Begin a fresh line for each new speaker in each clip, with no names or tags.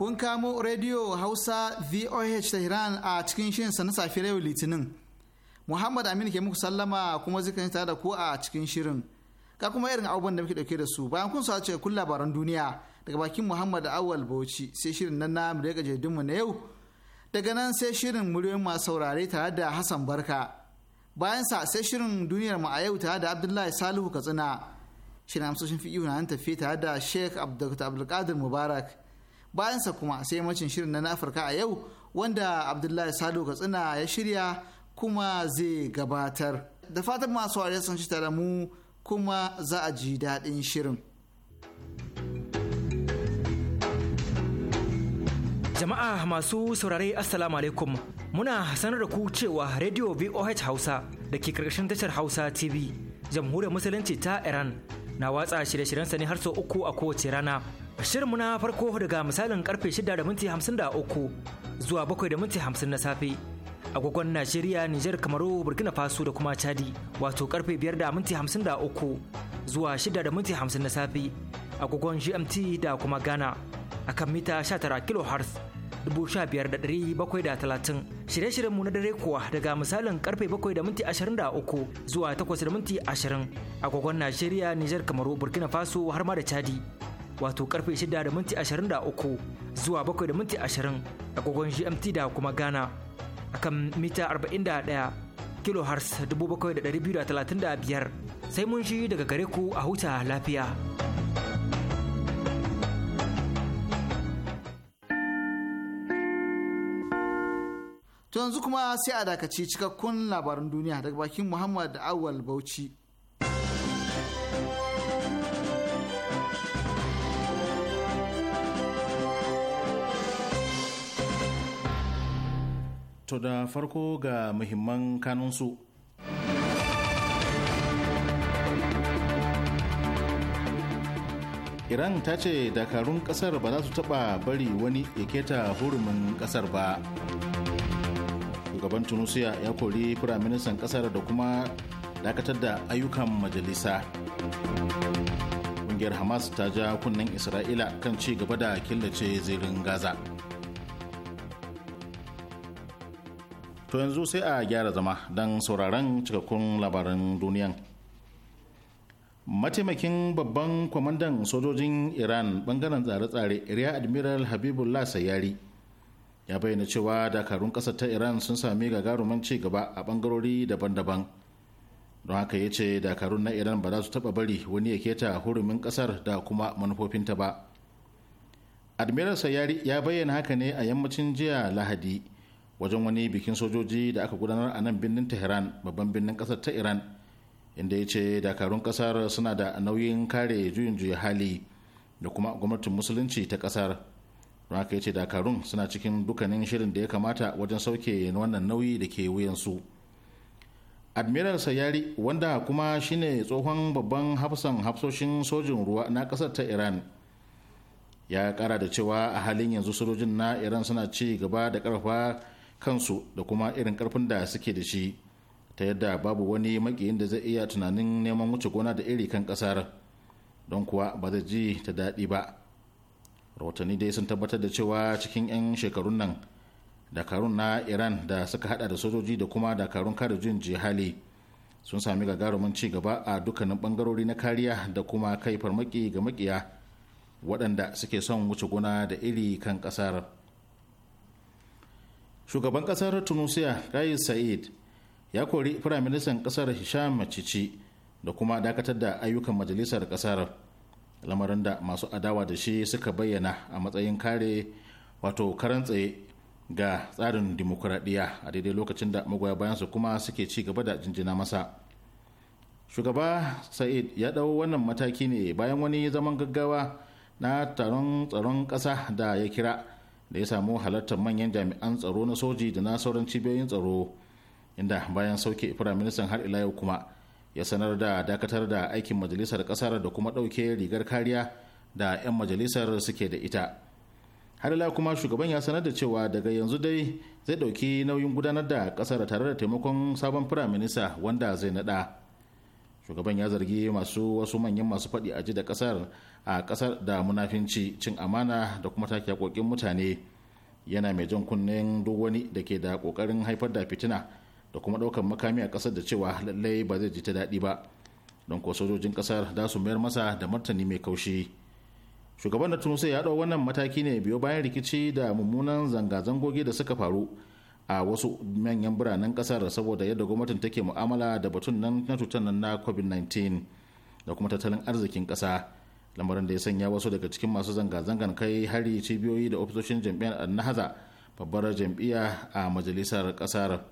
kun kamo rediyo hausa voh tehran a cikin shirin sa na safiyar yau litinin muhammad amin ke muku sallama kuma zikan tare da ku a cikin shirin ka kuma irin abubuwan da muke dauke da su bayan kun sace kun labaran duniya daga bakin muhammad awal bauchi sai shirin nan na mu daga mu na yau daga nan sai shirin muryoyin masu saurare tare da hassan barka bayan sa sai shirin duniyar mu a yau tare da abdullahi salihu katsina shirin amsoshin fi'iyu na tafi tare da sheikh abdulkadir mubarak bayansa kuma sai macin shirin na afirka a yau wanda abdullahi salo katsina ya shirya kuma zai gabatar da fatan masu wariya sun shi tare mu kuma za a ji daɗin shirin
jama'a masu saurare assalamu alaikum muna sanar da ku cewa radio voh hausa da ke karkashin tashar hausa tv jamhuriyar musulunci ta iran na watsa shirye-shiryensa ne har sau uku a kowace rana Shirinmu na farko daga misalin karfe 6:53 da minti zuwa 7:50 da minti na safe. Agogon Najeriya, Nijar, Kamaru, Burkina Faso da kuma Chadi wato karfe 5:53 da minti zuwa 6:50 da minti na safe. Agogon GMT da kuma Ghana a kan mita 19 kHz 15730 shirye-shiryen mu na dare kuwa daga misalin karfe bakwai da minti uku zuwa takwas da minti (a agogon Najeriya, Nijar, Kamaru, Burkina Faso har ma da Chadi. wato karfe 6:23 zuwa 7:20 a agogon GMT da kuma Ghana akan mita 41 kilohertz 7,235 sai mun shi daga gare ku a huta lafiya.
To yanzu kuma sai a dakaci cikakkun labaran duniya daga bakin Muhammad Awal Bauchi.
To da farko ga muhimman kanunsu. Iran ta ce dakarun kasar ba za su taba bari wani ya keta hurumin kasar ba. Shugaban Tunusiya ya kori firaministan kasar da kuma dakatar da ayyukan majalisa. Ƙungiyar Hamas ta ja kunnen Isra'ila kan ci gaba da killace zirin Gaza. to yanzu sai a gyara zama don sauraron cikakkun labaran duniyan mataimakin babban kwamandan sojojin iran bangaren tsare-tsare riya admiral habibullah sayari ya bayyana cewa dakarun kasar ta iran sun sami gagarumin ci gaba a bangarori daban-daban don haka ya ce dakarun na iran ba za su taba bari wani ya keta hurumin kasar da kuma manufofinta ba admiral sayari ya bayyana haka ne a yammacin jiya lahadi wajen wani bikin sojoji da aka gudanar a nan birnin tehran babban birnin kasar ta iran inda ya ce dakarun kasar suna da nauyin kare juyin juya hali da kuma gwamnatin musulunci ta kasar don haka ya ce dakarun suna cikin dukkanin shirin da ya kamata wajen sauke wannan nauyi da ke wuyansu admiral sayari wanda kuma shine tsohon babban hafsan hafsoshin sojin ruwa na kasar ta iran ya kara da cewa a halin yanzu sojojin na iran suna ci gaba da karfa kansu da kuma irin karfin da suke da shi ta yadda babu wani makiyin da zai iya tunanin neman wuce gona da iri kan kasar don kuwa ba zai ji ta daɗi ba rahotanni dai sun tabbatar da cewa cikin 'yan shekarun nan dakarun na iran da suka hada da sojoji da kuma dakarun kare jin jihali sun sami gagarumin ci gaba a dukkanin bangarori na kariya da kuma kai farmaki ga makiya waɗanda suke son wuce gona da iri kan ƙasar. shugaban kasar tunisia kais sa'id ya kori firaministan kasar hisham macici da kuma dakatar da ayyukan majalisar kasar lamarin da masu adawa da shi suka bayyana a matsayin kare wato karan tsaye ga tsarin dimokuraɗiyya a daidai lokacin da magoya bayansu kuma suke ci gaba da jinjina masa shugaba sa'id ya ɗau wannan mataki ne bayan wani zaman gaggawa na taron tsaron ƙasa da ya kira da ya samu halartar manyan jami'an tsaro na soji da na sauran cibiyoyin tsaro inda bayan sauke firaministan har ila yau kuma ya sanar da dakatar da aikin majalisar kasar da kuma ɗauke rigar kariya da 'yan majalisar suke da ita har ila kuma shugaban ya sanar da cewa daga yanzu dai zai ɗauki nauyin gudanar da kasar tare da taimakon sabon firaminista wanda zai naɗa. shugaban ya zargi masu wasu manyan masu faɗi a ji da ƙasar a ƙasar da munafinci cin amana da kuma take haƙoƙin mutane yana mai jan kunnen duk wani da ke da ƙoƙarin haifar da fitina da kuma ɗaukar makami a ƙasar da cewa lallai ba zai ji ta daɗi ba don ko sojojin ƙasar da su mayar masa da martani mai kaushi shugaban da tunusa ya ɗau wannan mataki ne biyo bayan rikici da mummunan zanga-zangogi da suka faru a wasu manyan biranen kasar saboda yadda gwamnatin take mu'amala da batun nan na cutar nan na covid-19 da kuma tattalin arzikin kasa lamarin da ya sanya wasu daga cikin masu zanga-zangan kai hari cibiyoyi da ofisoshin jam'iyyar annahaza babbar jam'iyya a majalisar kasar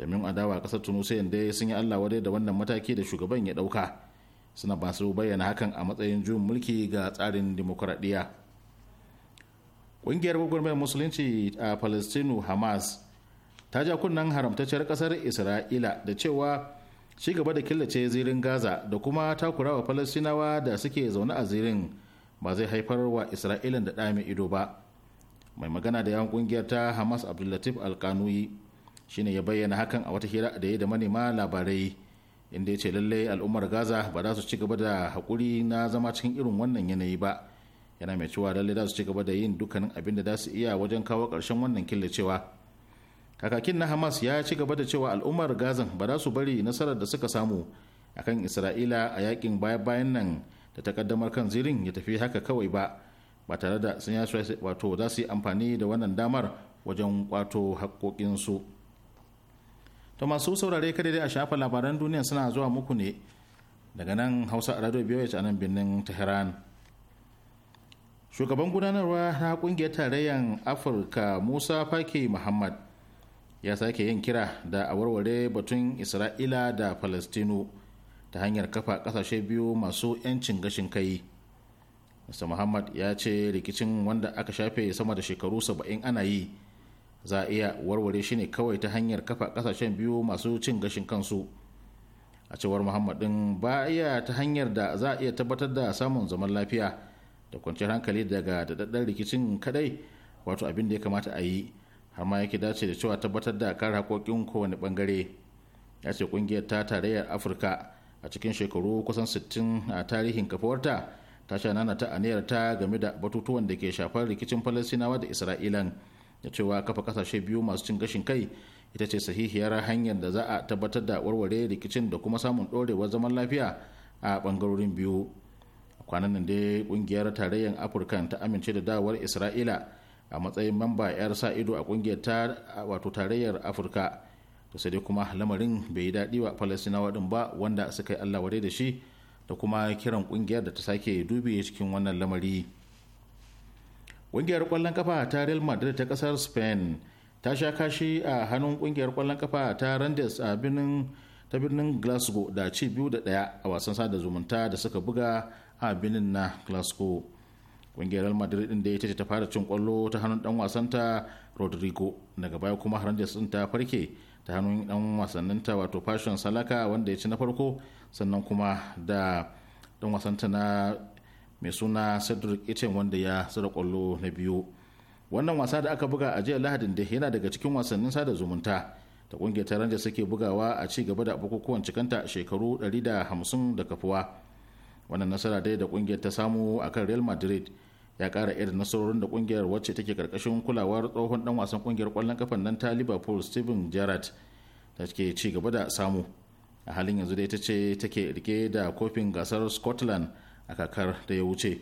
jami'in adawa kasar tunusa yadda sun yi allah wadai da wannan mataki da shugaban ya dauka suna ba bayyana hakan a matsayin juyin mulki ga tsarin dimokuraɗiyya ƙungiyar gwagwarmayar musulunci a palestinu hamas ta ja kunnen haramtacciyar kasar isra'ila da cewa ci gaba da killace zirin gaza da kuma takurawa falastinawa da suke zaune a zirin ba zai haifar wa isra'ilan da dami ido ba mai magana da yawan kungiyar ta hamas abdullatif alkanuyi shine ya bayyana hakan a wata hira da ya da manema labarai inda ya ce lallai al'ummar gaza ba za su ci gaba da haƙuri na zama cikin irin wannan yanayi ba yana mai cewa lallai za su ci gaba da yin dukkanin abin da za su iya wajen kawo ƙarshen wannan killacewa kakakin na hamas ya ci gaba da cewa al'ummar gazan ba za su bari nasarar da suka samu akan isra'ila a yakin baya-bayan nan da ta kaddamar kan zirin ya tafi haka kawai ba ba tare da sun yi wato za su yi amfani da wannan damar wajen kwato haƙoƙinsu to masu saurare kada dai a shafa labaran duniya suna zuwa muku ne daga nan hausa a radio biyu a nan birnin tehran shugaban gudanarwa na kungiyar tarayyar afirka musa fake muhammad ya sake yin kira da a warware batun isra'ila da palestino ta hanyar kafa kasashe biyu masu 'yancin gashin kai mr muhammad ya ce rikicin wanda aka shafe sama da shekaru 70 ana yi za a iya warware shi ne kawai ta hanyar kafa kasashen biyu masu cin gashin kansu a cewar muhammad din ba iya ta hanyar da za a iya tabbatar da samun zaman lafiya da kwanciyar hankali daga daɗaɗɗen rikicin kadai wato abin da ya kamata a yi amma yake dace da cewa tabbatar da kare haƙoƙin kowane bangare ya ce kungiyar ta tarayyar afirka a cikin shekaru kusan 60 a tarihin kafawarta ta shanana ta aniyar ta game da batutuwan da ke shafar rikicin falasinawa da isra'ilan da cewa kafa kasashe biyu masu cin gashin kai ita ce sahihiyar hanyar da za a tabbatar da warware rikicin da kuma samun ɗorewar zaman lafiya a ɓangarorin biyu kwanan nan dai kungiyar tarayyar afirka ta amince da dawar isra'ila a matsayin mamba 'yar sa ido a kungiyar ta wato tarayyar afirka da sai kuma lamarin bai yi daɗi wa falasinawa din ba wanda suka yi allah ware da shi da kuma kiran kungiyar da ta sake dubi cikin wannan lamari kungiyar kwallon kafa ta real madrid ta kasar spain ta sha kashi a hannun kungiyar kwallon kafa ta randes a birnin ta birnin glasgow da ci biyu da daya a wasan sada zumunta da suka buga a birnin na glasgow kungiyar real madrid din da ya ce ta fara cin kwallo ta hannun dan wasanta rodrigo daga baya kuma hernandez din ta farke ta hannun dan wasannin ta wato fashion salaka wanda ya ci na farko sannan kuma da dan wasanta na mai suna cedric etin wanda ya tsira kwallo na biyu wannan wasa da aka buga a jiya lahadin da yana daga cikin wasannin sada zumunta da kungiyar taron da suke bugawa a ci gaba da bukukuwan cikanta shekaru 150 da kafuwa wannan nasara dai da kungiyar ta samu akan real madrid ya kara irin nasarorin da kungiyar wacce take karkashin kulawar tsohon dan wasan kungiyar kwallon kafan nan ta liverpool steven gerrard ta ke ci gaba da samu a halin yanzu da ita ce take rike da kofin gasar scotland a kakar da ya wuce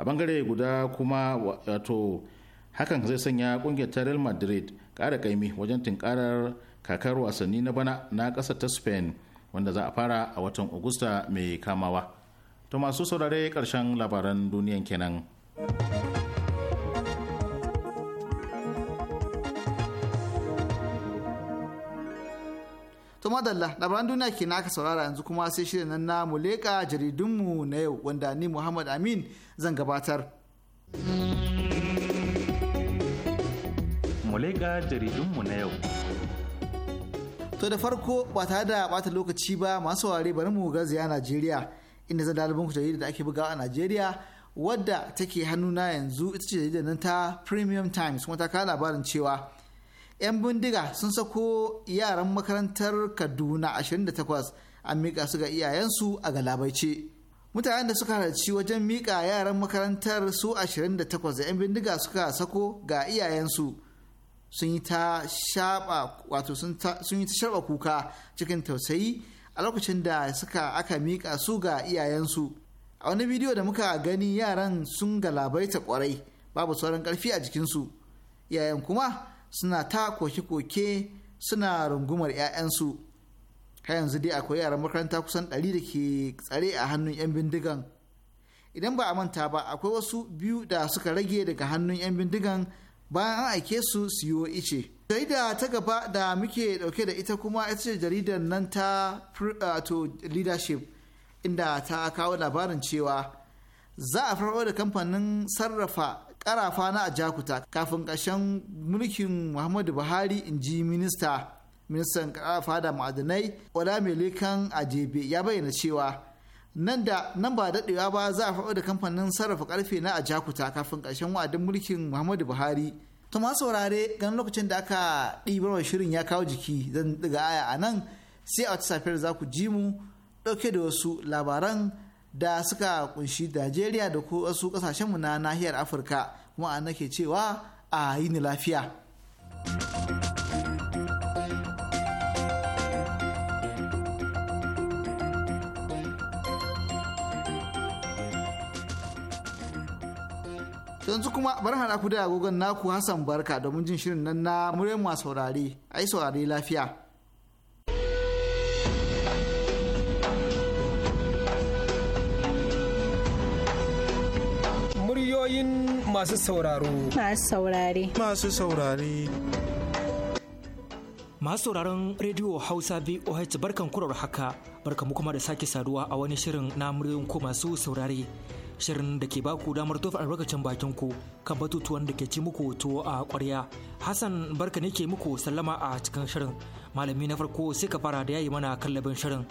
a bangare guda kuma wato hakan zai sanya kungiyar ta real madrid kara kaimi wajen tunkarar kakar wasanni na bana na ƙasa ta spain wanda za a fara a watan agusta mai kamawa to masu saurare karshen labaran duniyan kenan.
To madalla labaran duniya ke naka saurara yanzu kuma sai shirin nan na muleka jaridunmu na yau wanda ni Muhammad Amin zan gabatar.
Muleka jaridunmu na yau.
To da farko ba tare da bata lokaci ba masu ware bari mu garzaya Najeriya inda zan dalibin ku jarida da ake bugawa a Najeriya wadda take hannuna yanzu ita ce jaridar nan ta premium times kuma ta kawo labarin cewa 'yan bindiga sun sako yaran makarantar kaduna 28 a miƙa su ga iyayensu a galabaice mutanen da suka halarci wajen mika yaran makarantar su 28 da 'yan bindiga suka sako ga iyayensu sun yi ta sharba kuka cikin tausayi a lokacin da suka aka miƙa su ga iyayensu a wani bidiyo da muka gani yaran sun galabaita kwarai babu sauran karfi a jikinsu yayan kuma suna ta koke-koke suna rungumar 'ya'yansu har yanzu dai akwai yaran makaranta kusan 100 da ke tsare a hannun 'yan bindigan idan ba a manta ba akwai wasu biyu da suka rage daga hannun 'yan bindigan bayan an aike su siyo ice jarida ta gaba da muke dauke da ita kuma ita ce jaridar nan ta uh, to leadership inda ta kawo labarin cewa za a farko da kamfanin sarrafa karafa na ajakuta kafin ƙarshen mulkin muhammadu buhari in ji minista ministan karafa da ma'adanai a ajebe ya bayyana cewa nan da nan ba daɗewa ba za a faɗo da kamfanin sarrafa karfe na ajakuta kafin ƙarshen wa'adin mulkin muhammadu buhari to ma saurare gan lokacin da aka ɗibar shirin ya kawo jiki zan ɗiga aya a nan sai a wata safiyar za ku ji mu ɗauke da wasu labaran da suka kunshi Najeriya da wasu ƙasashenmu na nahiyar Afirka kuma a nake cewa a yi ni lafiya. yanzu kuma bari haɗa da agogon naku Hassan Barka domin jin shirin nan na muryar saurare, ai saurari
lafiya. masu
sauraro.
Masu saurare.
Masu saurare. Masu sauraron rediyo Hausa VOH barkan kurar haka barkamu kuma da sake saduwa a wani shirin na muryoyin ko masu saurare. Shirin da ke baku damar tofa albarkacin bakin ku kan batutuwan da ke ci muku tu a kwarya Hassan barka ne ke muku sallama a cikin shirin. Malami na farko sai ka fara da yayi mana kallabin shirin.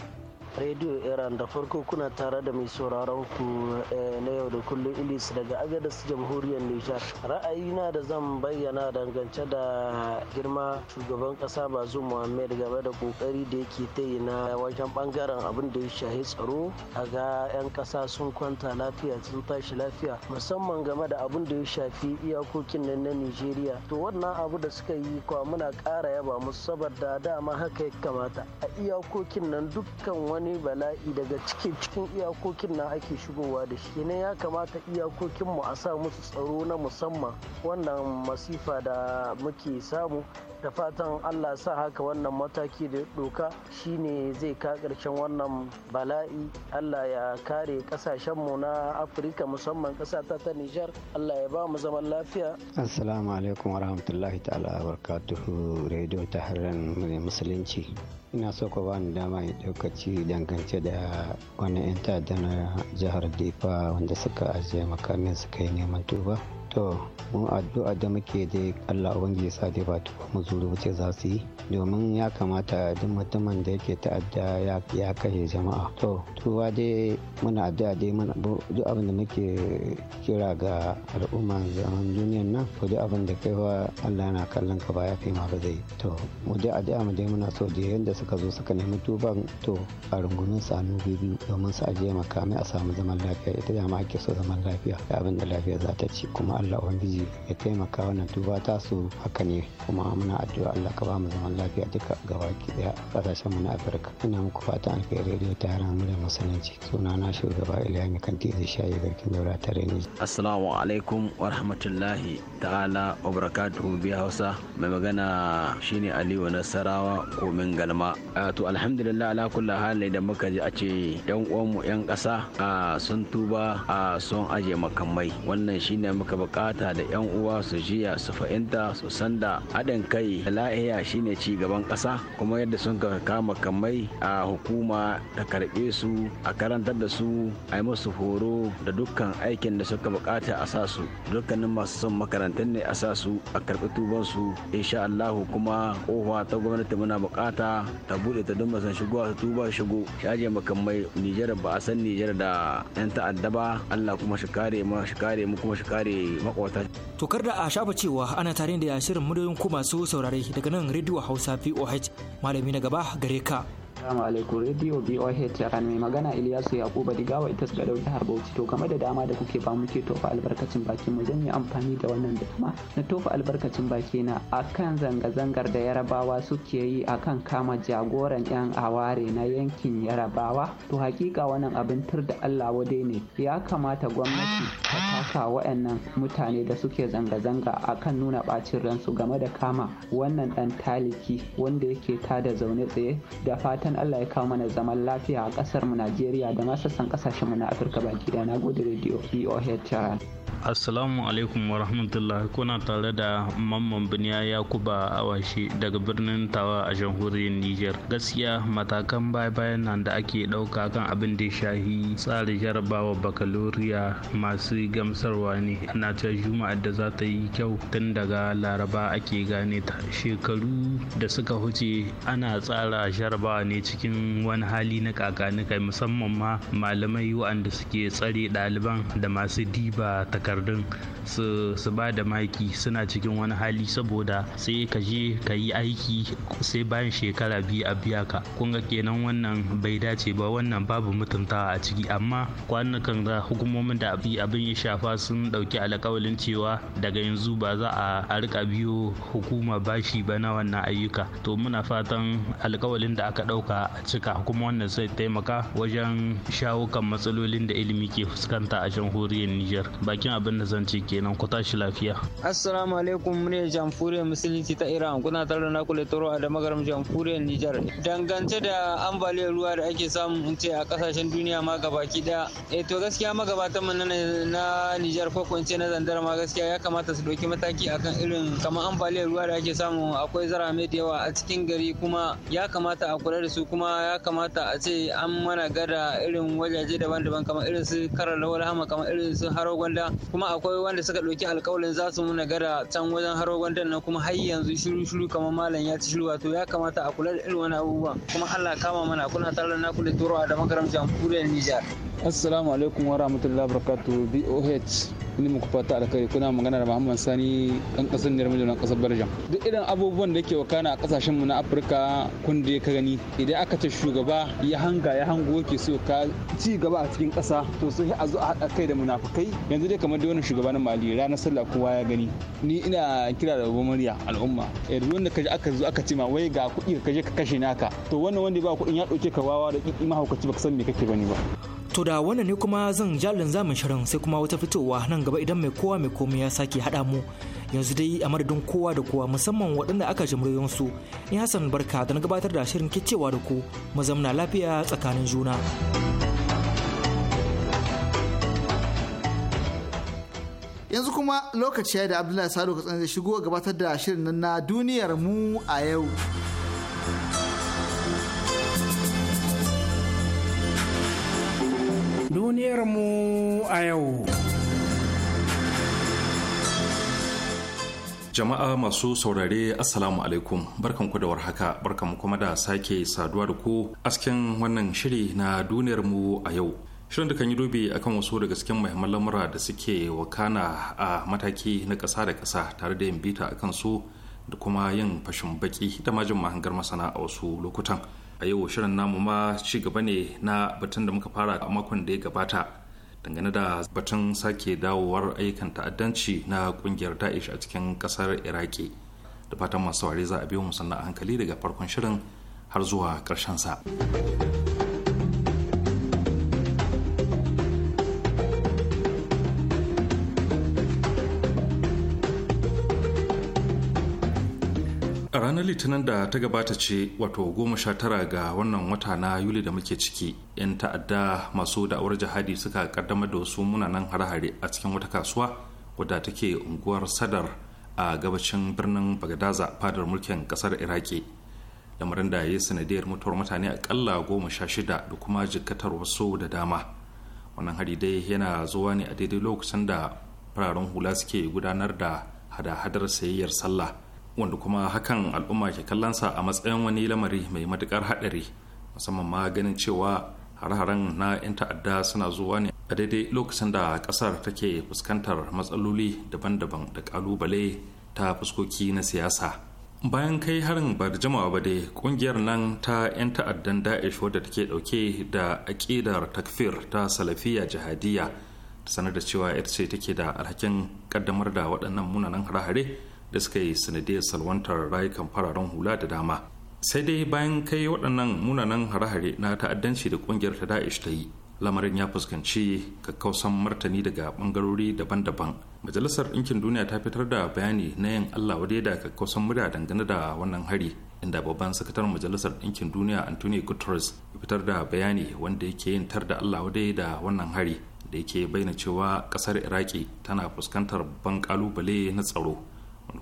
rediyo iran da farko kuna tare da mai sauraron ku eh, na yau da kullum ilis daga agadas jamhuriyar nijar ra'ayina da zan bayyana dangance da girma shugaban kasa bazu muhammed game da kokari da yake ta yi na wajen bangaren abin da ya shahi tsaro a ga 'yan kasa sun kwanta lafiya sun tashi lafiya musamman game da abin da ya shafi iyakokin nan na nigeria to wannan abu da suka yi kwa muna kara yaba musu saboda dama haka ya kamata a iyakokin nan dukkan wani wani bala'i daga cikin cikin iyakokin na ake shigowa da shi ne ya kamata iyakokinmu a sa musu tsaro na musamman wannan masifa da muke samu da fatan allah sa haka wannan mataki da doka shine zai ka karshen wannan bala'i allah ya kare mu na afirka musamman kasa ta ta nijar allah ya ba mu zaman lafiya
assalamu alaikum warahmatullahi ta'ala barkatuhu radio ta harin musulunci ina so ku bani dama ya ɗaukaci dangance da wani 'yan ta'adda na jihar difa wanda suka ajiye makamin suka yi neman tuba to mu addu'a da muke da Allah ubangiji sa dai ba tuba mu zuru wace za su yi domin ya kamata duk mutumin da yake ta'adda ya kashe jama'a to tuwa dai muna addu'a dai muna duk abin da muke kira ga al'umma zaman duniyan nan ko duk abin da kai Allah yana kallon ka ba ya kai ma ba zai to mu dai addu'a mu dai muna so da yanda suka zo suka nemi tuban to a rungumin sanu biyu domin su ajiye makamai a samu zaman lafiya ita da ma ake so zaman lafiya da abin da lafiya za ta ci kuma Allah ubangiji ya taimaka wannan tuba ta su haka ne kuma muna addu'a Allah ka ba mu zaman lafiya duka gaba ki daya a kasashen mu na Afirka ina muku fata kai radio ta hana mu da masananci suna na shugaba ne Kanti da shayi garkin daura tare ne
Assalamu alaikum wa rahmatullahi ta'ala wa barakatuhu bi Hausa mai magana shine Aliyu Nasarawa komin galma to alhamdulillah ala kulli hal da muka ji a ce yan mu yan ƙasa sun tuba a sun aje makamai wannan shine muka bukata da 'yan uwa su jiya su fahimta su sanda haɗin kai da lahiya shine ci gaban ƙasa kuma yadda sun kama kamai a hukuma ta karɓe su a karantar da su a yi musu horo da dukkan aikin da suka bukata a sa su dukkanin masu son makarantun ne a sa su a karɓi tubansu insha Allahu kuma kofa ta gwamnati muna bukata ta buɗe ta don masan shigo a tuba shigo shaje makamai Nijar ba a san Nijar da 'yan ta'adda ba Allah kuma shi kare mu shi kare mu kuma shi kare makwata.
Tokar da a shafa cewa ana tare da shirin madoyin ku masu saurare daga nan rediyo Hausa VOH malami na gaba gare ka.
Assalamu alaikum Radio BOH Tehran mai magana Ilyasu Yakuba Digawa ita suka dauki har Bauchi to game da dama da kuke ba muke tofa albarkacin baki mu zan yi amfani da wannan kuma na tofa albarkacin baki na akan zanga-zangar da Yarabawa suke yi akan kama jagoran yan aware na yankin Yarabawa to hakika wannan abin tur da Allah wadai ne ya kamata gwamnati ta taka waɗannan mutane da suke zanga-zanga akan nuna bacin ransu game da kama wannan dan taliki wanda yake tada zaune tsaye da fatan fatan Allah ya kawo mana zaman lafiya a ƙasarmu mu Najeriya da masassan sassan kasashen mu na Afirka baki da gode radio VOH Channel.
Assalamu alaikum wa rahmatullah kuna tare da mamman biniya Yakuba Awashi daga birnin Tawa a jamhuriyar Nijar. Gaskiya matakan baya-bayan nan da ake ɗauka kan abin da shahi tsari jarabawa bakaloriya masu gamsarwa ne. Ana ta Juma'ar da za ta yi kyau tun daga Laraba ake gane ta. Shekaru da suka huce ana tsara jarabawa ne cikin wani hali na kakanikai musamman ma malamai waɗanda suke tsare ɗaliban da masu diba takardun su ba da maki suna cikin wani hali saboda sai ka je ka yi aiki sai bayan shekara biyu a biya ka kun kenan wannan bai dace ba wannan babu mutuntawa a ciki amma kwanukan da hukumomin da abin ya shafa sun dauki alkawalin cewa daga yanzu ba za a rika biyo hukuma bashi ba na wannan ayyuka to muna fatan alkawalin da aka dauka a cika kuma wannan zai taimaka wajen shawo kan matsalolin da ilimi ke fuskanta a jamhuriyar Nijar baki cikin abin da zan ci kenan ku tashi lafiya
assalamu alaikum mune jamfure musulunci ta iran kuna tare na kula taro a damar jamfure niger dangance da ambaliyar ruwa da ake samu in ce a kasashen duniya ma gabaki daya eh to gaskiya magabatan mu na Niger ko kun ce na zandar ma gaskiya ya kamata su dauki mataki akan irin kamar ambaliyar ruwa da ake samu akwai zarame da yawa a cikin gari kuma ya kamata a kula da su kuma ya kamata a ce an mana gada irin wajaje daban-daban kamar irin su karar lawal hama kamar irin su haro gwanda kuma akwai wanda suka ɗauki alkawalin za su muna gada can wajen haro gwandan nan kuma har yanzu shiru shiru kamar malam ya ci shiru wato ya kamata a kula da irin wani abubuwa kuma Allah kama mana kuna tare da kula da turawa da makarantar jamhuriyar Nijar.
assalamu alaikum wa rahmatullahi barakatu boh ni muku fata alkhairi kuna magana da muhammad sani dan kasar niyar miliyonan kasar barjan duk irin abubuwan da ke wakana a kasashen mu na afirka kun da ka gani idan aka ce shugaba ya hanga ya hango ke so ka ci gaba a cikin kasa to sai a zo a haɗa kai da munafukai yanzu dai kamar da wannan shugaba na mali ranar sallah kowa ya gani ni ina kira da babban murya al'umma yanzu eh, wanda kaje aka zo aka ce ma wai ga kuɗi ka kaje ka kashe naka to wannan wanda ba kuɗin ya ɗauke ka wawa da kiki mahaukaci baka san me kake bane ba
To
da wannan ne kuma zan jalin zamun shirin sai kuma wata fitowa nan gaba idan mai kowa mai komai ya sake haɗa mu yanzu dai a madadin kowa da kowa musamman waɗanda aka ji su in Hassan barka da na gabatar da shirin kicewa da ku mu zamna lafiya tsakanin juna.
Yanzu kuma lokaci ya da Abdullahi Sadu ka zai shigo gabatar da shirin na duniyar mu a yau.
duniyarmu a yau.
Jama'a masu saurare Assalamu alaikum barkanku da warhaka barkanku kuma da sake saduwa da ku asken wannan shiri na duniyar mu a yau. Shirin da kan yi dubi akan wasu daga cikin muhimman lamura da suke wakana a mataki na ƙasa da ƙasa tare da yin bita akan su da kuma yin fashin baki da majin mahangar masana a wasu lokutan. a yau shirin namu ma ci gaba ne na batun da muka fara a makon da ya gabata dangane da batun sake dawowar ayyukan ta'addanci na kungiyar da'ish a cikin kasar iraki da fatan masu saurari za a biyo mu sannan a hankali daga farkon shirin har zuwa ƙarshen sa. ranar litinin da ta gabata ce wato goma sha tara ga wannan wata na yuli da muke ciki yan ta'adda masu da'awar jihadi suka kaddamar da wasu munanan hare-hare a cikin wata kasuwa wadda take unguwar sadar a gabacin birnin bagadaza fadar mulkin kasar iraki lamarin da ya sanadiyar mutuwar mutane akalla goma sha shida da kuma jikatar wasu da dama wannan hari dai yana zuwa ne a daidai lokacin da fararen hula suke gudanar da hada-hadar sayayyar sallah wanda kuma hakan al'umma ke kallonsa a matsayin wani lamari mai matukar haɗari musamman ma ganin cewa har-haren na 'yan ta'adda suna zuwa ne a daidai lokacin da ƙasar take fuskantar matsaloli daban-daban da ƙalubale ta fuskoki na siyasa bayan kai harin ba da jama'a ba dai kungiyar nan ta 'yan ta'addan da'ish wadda take dauke da aƙidar takfir ta salafiya jihadiyya sanar da cewa ita ce take da alhakin kaddamar da waɗannan munanan hare-hare da suka yi sanadiyar salwantar rayukan fararen hula da dama sai dai bayan kai waɗannan munanan hare-hare na ta'addanci da ƙungiyar ta da'ish ta yi lamarin ya fuskanci kakkausan martani daga ɓangarori daban-daban majalisar ɗinkin duniya ta fitar da bayani na yin allah wadai da kakkausan murya dangane da wannan hari inda babban sakataren majalisar ɗinkin duniya antony guterres ya fitar da bayani wanda yake yin tar da allah wadai da wannan hari da yake bayyana cewa ƙasar iraki tana fuskantar babban ƙalubale na tsaro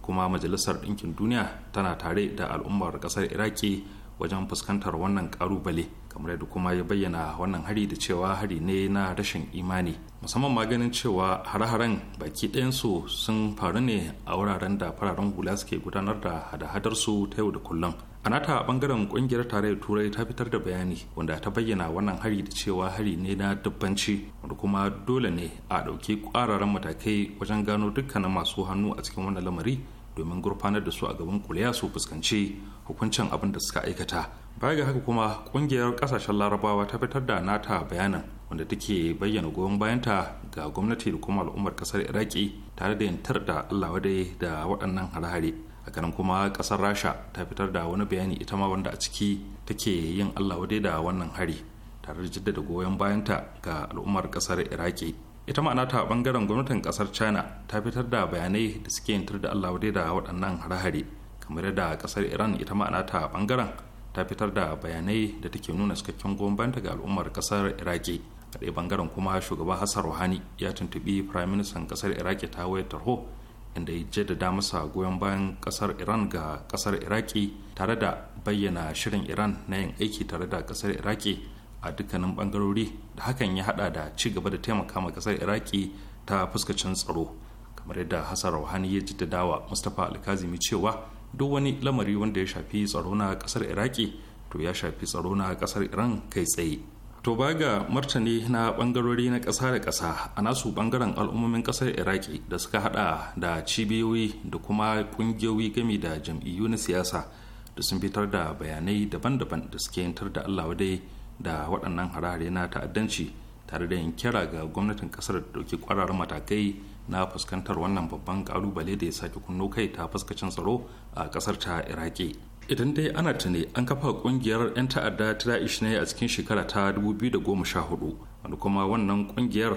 kuma majalisar ɗinkin duniya tana tare da al'ummar ƙasar iraki wajen fuskantar wannan ƙalubale kamar yadda kuma ya bayyana wannan hari da cewa hari ne na rashin imani musamman maganin cewa hare-haren baki ɗayansu sun faru ne a wuraren da fararen hula suke gudanar da hada-hadarsu ta yau da kullum a nata bangaren kungiyar tarayyar turai ta fitar da bayani wanda ta bayyana wannan hari da cewa hari ne na dabbanci wanda kuma dole ne a ɗauki ƙwararren matakai wajen gano dukkanin masu hannu a cikin wannan lamari domin gurfanar da su a gaban kuliya su fuskanci hukuncin abin da suka aikata baya ga haka kuma kungiyar kasashen larabawa ta fitar da nata bayanin wanda take bayyana goyon bayanta ga gwamnati da kuma al'ummar kasar iraki tare da yantar da allah wadai da waɗannan hare-hare a hakanan kuma kasar rasha ta fitar da wani bayani ita ma wanda a ciki take yin allah wadai da wannan hari tare da jaddada goyon bayanta ga al'ummar kasar iraki ita ma'ana ta bangaren gwamnatin kasar china ta fitar da bayanai da suke yin da allah wadai da waɗannan hare-hare kamar yadda kasar iran ita ma'ana ta bangaren ta fitar da bayanai da take nuna cikakken goyon bayanta ga al'ummar kasar iraki a ɗaya bangaren kuma shugaban hassan ruhani ya tuntuɓi firayim ministan kasar iraki ta wayar tarho inda ya jaddada masa goyon bayan kasar iran ga kasar iraki tare da bayyana shirin iran na yin aiki tare da kasar iraki a dukkanin bangarori da hakan ya hada da ci gaba da taimaka ma kasar iraki ta fuskacin tsaro kamar yadda hassan rauhani ya jaddada wa mustapha alkazimi cewa duk wani lamari wanda ya shafi tsaro na kasar iraki to ya shafi tsaro na kasar iran kai tsaye to ba ga martani na bangarori na ƙasa da ƙasa a nasu bangaren al'ummomin ƙasar iraki da suka hada da cibiyoyi da kuma ƙungiyoyi gami da jam'iyyu na siyasa da sun fitar da bayanai daban-daban da suke yantar da allah wadai da waɗannan harare na ta'addanci tare da yin kira ga gwamnatin ƙasar da ɗauki ƙwararrun matakai na fuskantar wannan babban ƙalubale da ya sake kunno kai ta fuskacin tsaro a ƙasar ta iraki idan dai ana tuni an kafa kungiyar 'yan ta'adda ta da'ish ne a cikin shekara ta 2014 wani kuma wannan kungiyar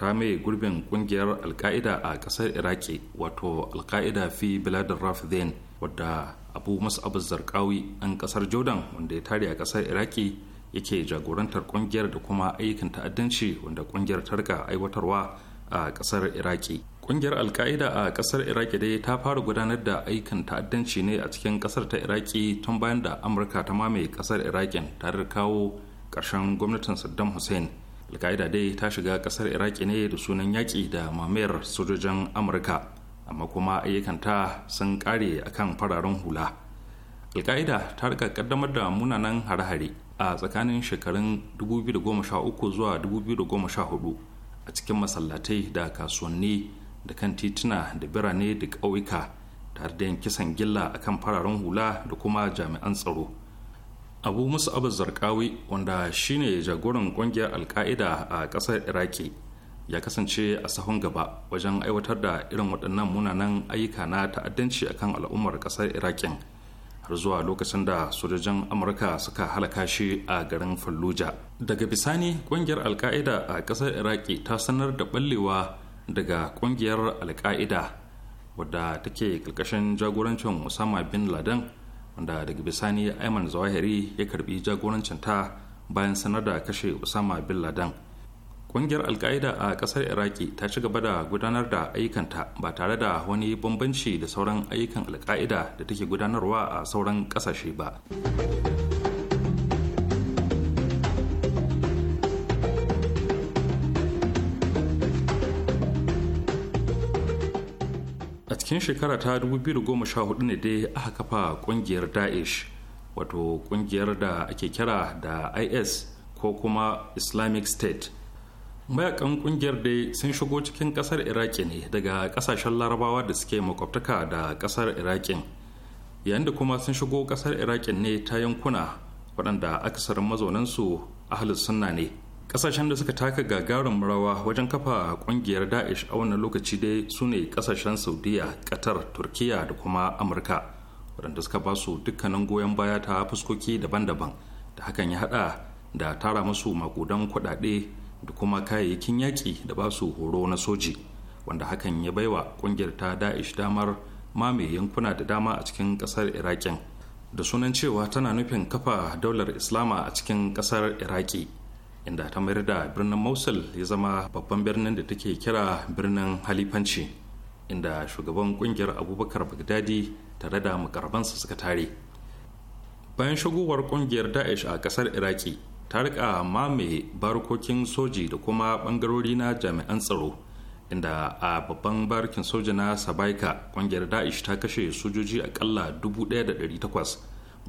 ta mai gurbin kungiyar alka'ida a kasar iraki wato alka'ida fi biladar rafidin wadda abu abu zarkawi an kasar jordan wanda ya tare a kasar iraki yake jagorantar kungiyar da kuma ayyukan ta'addanci wanda kungiyar ta rika aiwatarwa a kasar iraki kungiyar alka'ida a kasar iraki dai ta fara gudanar da aikin ta'addanci ne a cikin kasar ta iraki tun bayan da amurka ta mamaye kasar irakin tare da kawo ƙarshen gwamnatin saddam hussein alka'ida dai ta shiga kasar iraki ne da sunan yaƙi da mamayar sojojin amurka amma kuma ayyukanta sun kare akan fararen hula alka'ida ta rika kaddamar da munanan hare-hare a tsakanin shekarun 2013 zuwa 2014 a cikin masallatai da kasuwanni da kan tituna da birane da ƙauyuka tare da yin kisan gilla akan fararen hula da kuma jami'an tsaro abu musu abu zarkawi wanda shine jagoran ƙungiyar alka'ida a ƙasar iraki ya kasance a sahun gaba wajen aiwatar da irin waɗannan munanan ayyuka na ta'addanci akan al'ummar ƙasar iraƙin har zuwa lokacin da sojojin amurka suka halaka shi a garin fallujah daga bisani ƙungiyar alka'ida a ƙasar iraki ta sanar da ɓallewa daga kungiyar alka'ida wadda take karkashin jagorancin usama bin laden wanda daga bisani ayman zawahiri ya karbi jagorancin ta bayan sanar da kashe usama bin laden kungiyar alka'ida a kasar iraki ta ci gaba da gudanar da ayyukanta ba tare da wani bambanci da sauran ayyukan alƙa'ida da take gudanarwa a sauran kasashe ba. cikin shekara ta 2014 ne dai aka kafa kungiyar daesh wato kungiyar da ake kira da is ko kuma islamic state mayakan kungiyar dai sun shigo cikin kasar iraki ne daga kasashen larabawa da suke makwabtaka da kasar irakin yayin da kuma sun shigo kasar irakin ne ta yankuna waɗanda akasarin mazaunansu ahalus sunna ne kasashen da suka taka gagarin rawa wajen kafa kungiyar daesh a wannan lokaci dai su ne kasashen saudiya qatar turkiya da kuma amurka waɗanda suka ba su dukkanin goyon baya ta fuskoki daban-daban da hakan ya haɗa da tara musu makudan kuɗaɗe da kuma kayayyakin yaƙi da ba su horo na soji wanda hakan ya baiwa kungiyar ta daesh damar mame yankuna da dama a cikin ƙasar iraƙin da sunan cewa tana nufin kafa daular islama a cikin ƙasar iraƙi. inda ta mayar da birnin mosul ya zama babban birnin da take kira birnin halifanci inda shugaban kungiyar abubakar bagdadi tare da mukarbansa suka tare bayan shigowar kungiyar daesh a kasar iraki ta rika mamaye barkokin soji da kuma bangarori na jami'an tsaro inda a babban barikin soja na sabaika kungiyar daesh ta kashe sojoji akalla 1800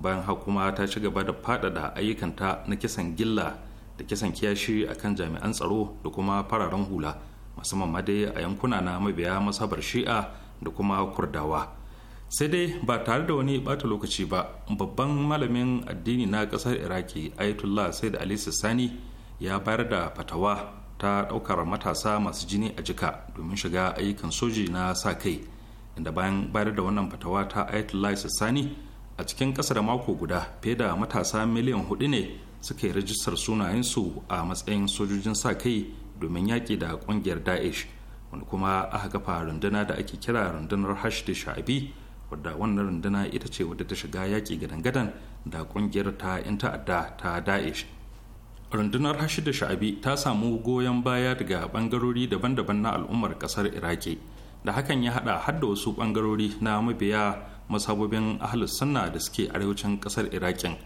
bayan hakuma ta ci gaba da faɗaɗa ayyukanta na kisan gilla da kisan kiyashi a kan jami'an tsaro da kuma fararen hula musamman ma dai a yankuna na mabiya masabar shi'a da kuma kurdawa sai dai ba tare da wani bata lokaci ba babban malamin addini na kasar iraki ayatollah said ali sani ya bayar da fatawa ta ɗaukar matasa masu jini a jika domin shiga ayyukan soji na sa kai inda bayan bayar da wannan fatawa ta ayatollah sani a cikin ƙasa da mako guda fiye da matasa miliyan hudu ne suka yi rajistar sunayensu a matsayin sojojin sa kai domin yaƙi da ƙungiyar daesh wani kuma aka kafa runduna da ake kira rundunar hash da sha'abi wadda wannan runduna ita ce wadda ta shiga yaƙi gadan-gadan da ƙungiyar ta 'yan ta'adda ta daesh rundunar hashi da sha'abi ta samu goyon baya daga ɓangarori daban-daban na al'ummar ƙasar iraki da hakan ya haɗa, har da wasu ɓangarori na mabiya masabobin ahlus sunna da suke arewacin ƙasar irakin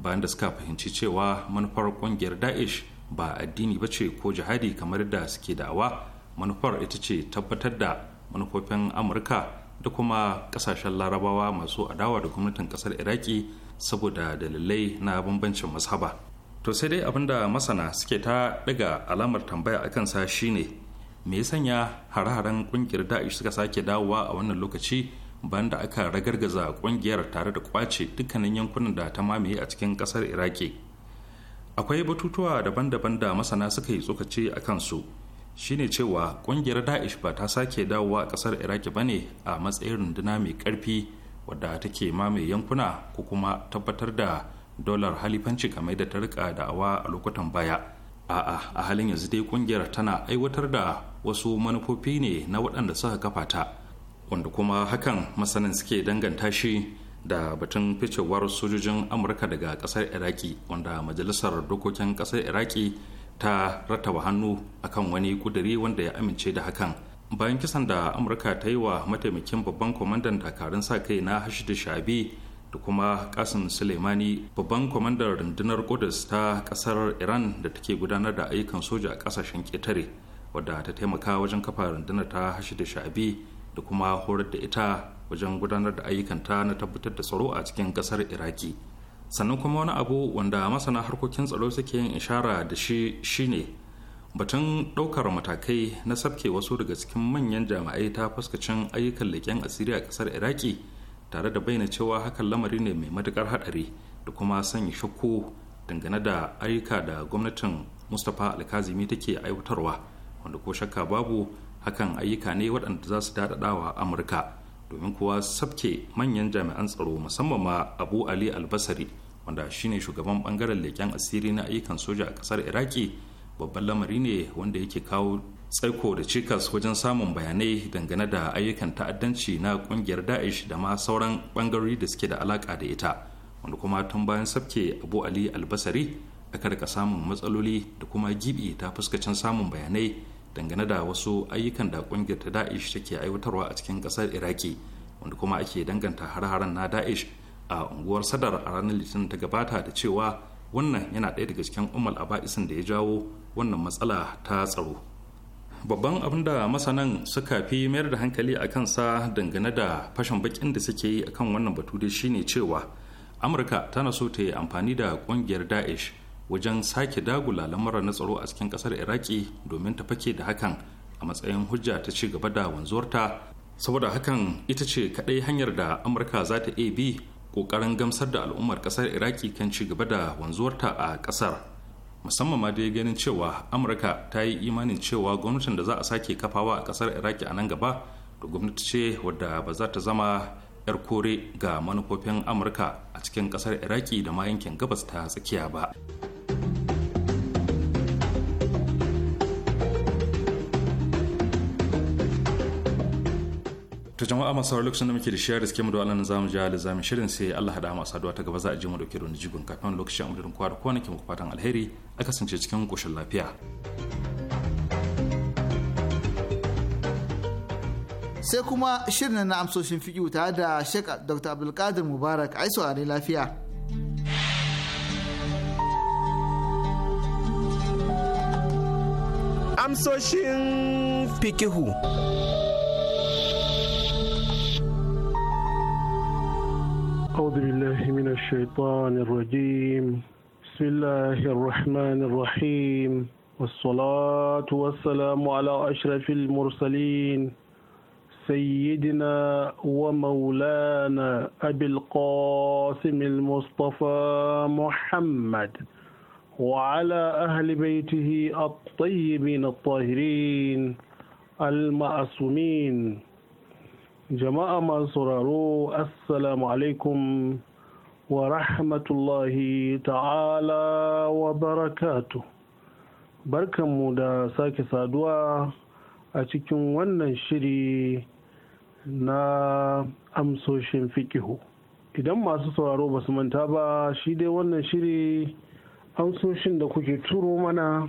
bayan da suka fahimci cewa manufar kungiyar daesh ba addini ba ce ko jihadi kamar da suke da'awa manufar ita ce tabbatar da manufofin amurka da kuma kasashen larabawa masu adawa da gwamnatin kasar iraki saboda dalilai na bambancin mazhaba to sai dai abinda masana suke ta daga alamar tambaya a kansa shine me ya sanya hare-haren kungiyar daesh suka sake dawowa a wannan lokaci bayan da aka ragargaza kungiyar tare da kwace dukkanin yankunan da ta mamaye a cikin kasar iraki akwai batutuwa daban-daban da masana suka yi tsokaci a kansu shine cewa kungiyar daesh ba ta sake dawowa a kasar iraki ba ne a matsayin runduna mai karfi wadda take mamaye yankuna ko kuma tabbatar da dolar halifanci kamai da ta rika da'awa a lokutan baya a'a a halin yanzu dai kungiyar tana aiwatar da wasu manufofi ne na waɗanda suka kafa ta wanda kuma hakan masanin suke danganta shi da batun ficewar sojojin amurka daga kasar iraki wanda majalisar dokokin kasar iraki ta rattaba hannu akan wani ƙudiri wanda ya amince da hakan bayan kisan da amurka ta yi wa mataimakin babban kwamandan dakarun sa kai na hashidu shabi da kuma kasim suleimani babban kwamandan rundunar kudus ta kasar iran da take gudanar da ayyukan soja a kasashen ketare wadda ta taimaka wajen kafa rundunar ta hashidu shabi da kuma horar da ita wajen gudanar da ayyukanta na tabbatar da tsaro a cikin kasar iraki sannan kuma wani abu wanda masana harkokin tsaro suke yin ishara da shi shine batun ɗaukar matakai na sabke wasu daga cikin manyan jami'ai ta fuskacin ayyukan leƙen asiri a ƙasar iraki tare da bayyana cewa hakan lamari ne mai matuƙar haɗari da kuma sanya shakku dangane da ayyuka da gwamnatin mustapha alkazimi take aiwatarwa wanda ko shakka babu hakan ayyuka ne waɗanda za su daɗaɗawa amurka domin kuwa sabke manyan jami'an tsaro musamman ma abu ali albasari wanda shine shugaban bangaren leƙen asiri na ayyukan soja a ƙasar iraki babban lamari ne wanda yake kawo tsaiko da cikas wajen samun bayanai dangane da ayyukan ta'addanci na ƙungiyar da'ish da ma sauran bangarori da suke da alaka da ita wanda kuma tun bayan sabke abu ali albasari aka rika samun matsaloli da kuma gibi ta fuskacin samun bayanai dangane da wasu ayyukan da kungiyar ta da'ish take aiwatarwa a cikin kasar iraki wanda kuma ake danganta har-haren na da'ish a unguwar sadar a ranar litinin ta gabata da cewa wannan yana ɗaya daga cikin umar aba'isin da ya jawo wannan matsala ta tsaro babban abin da masanan suka fi mayar da hankali a kansa dangane da fashin bakin da suke yi akan wannan batu dai shine cewa amurka tana so ta yi amfani da kungiyar daesh wajen sake dagula lamarar na tsaro a cikin kasar iraki domin ta fake da hakan a matsayin hujja ta ci gaba da wanzuwarta saboda hakan ita ce kadai hanyar da amurka za ta iya bi ƙoƙarin gamsar da al'ummar ƙasar iraki kan ci gaba da wanzuwarta a ƙasar musamman ma dai ganin cewa amurka ta yi imanin cewa gwamnatin da za a sake kafawa a ƙasar iraki a nan gaba da gwamnati ce wadda ba za ta zama 'yar kore ga manufofin amurka a cikin ƙasar iraki da ma yankin gabas ta tsakiya ba. to jama'a masu sauraro lokacin da muke da shiyar suke mu da wannan zamu ji da zamu shirin sai Allah hada mu saduwa ta gaba za a ji mu dauke da jigon kafin lokacin amurin kwa da kwanakin fatan alheri a kasance cikin koshin lafiya
sai kuma shirin na amsoshin fiƙi tare da Sheikh Dr. Abdulkadir Mubarak ai saurare lafiya
amsoshin fikihu.
أعوذ بالله من الشيطان الرجيم بسم الله الرحمن الرحيم والصلاة والسلام على أشرف المرسلين سيدنا ومولانا أبي القاسم المصطفى محمد وعلى أهل بيته الطيبين الطاهرين المعصومين jama'a masu sauraro assalamu alaikum wa rahmatullahi ta'ala wa barakatu barkanmu da sake saduwa a cikin wannan shiri na amsoshin fikihu idan masu sauraro ba su manta ba shi dai wannan shiri amsoshin da kuke turo mana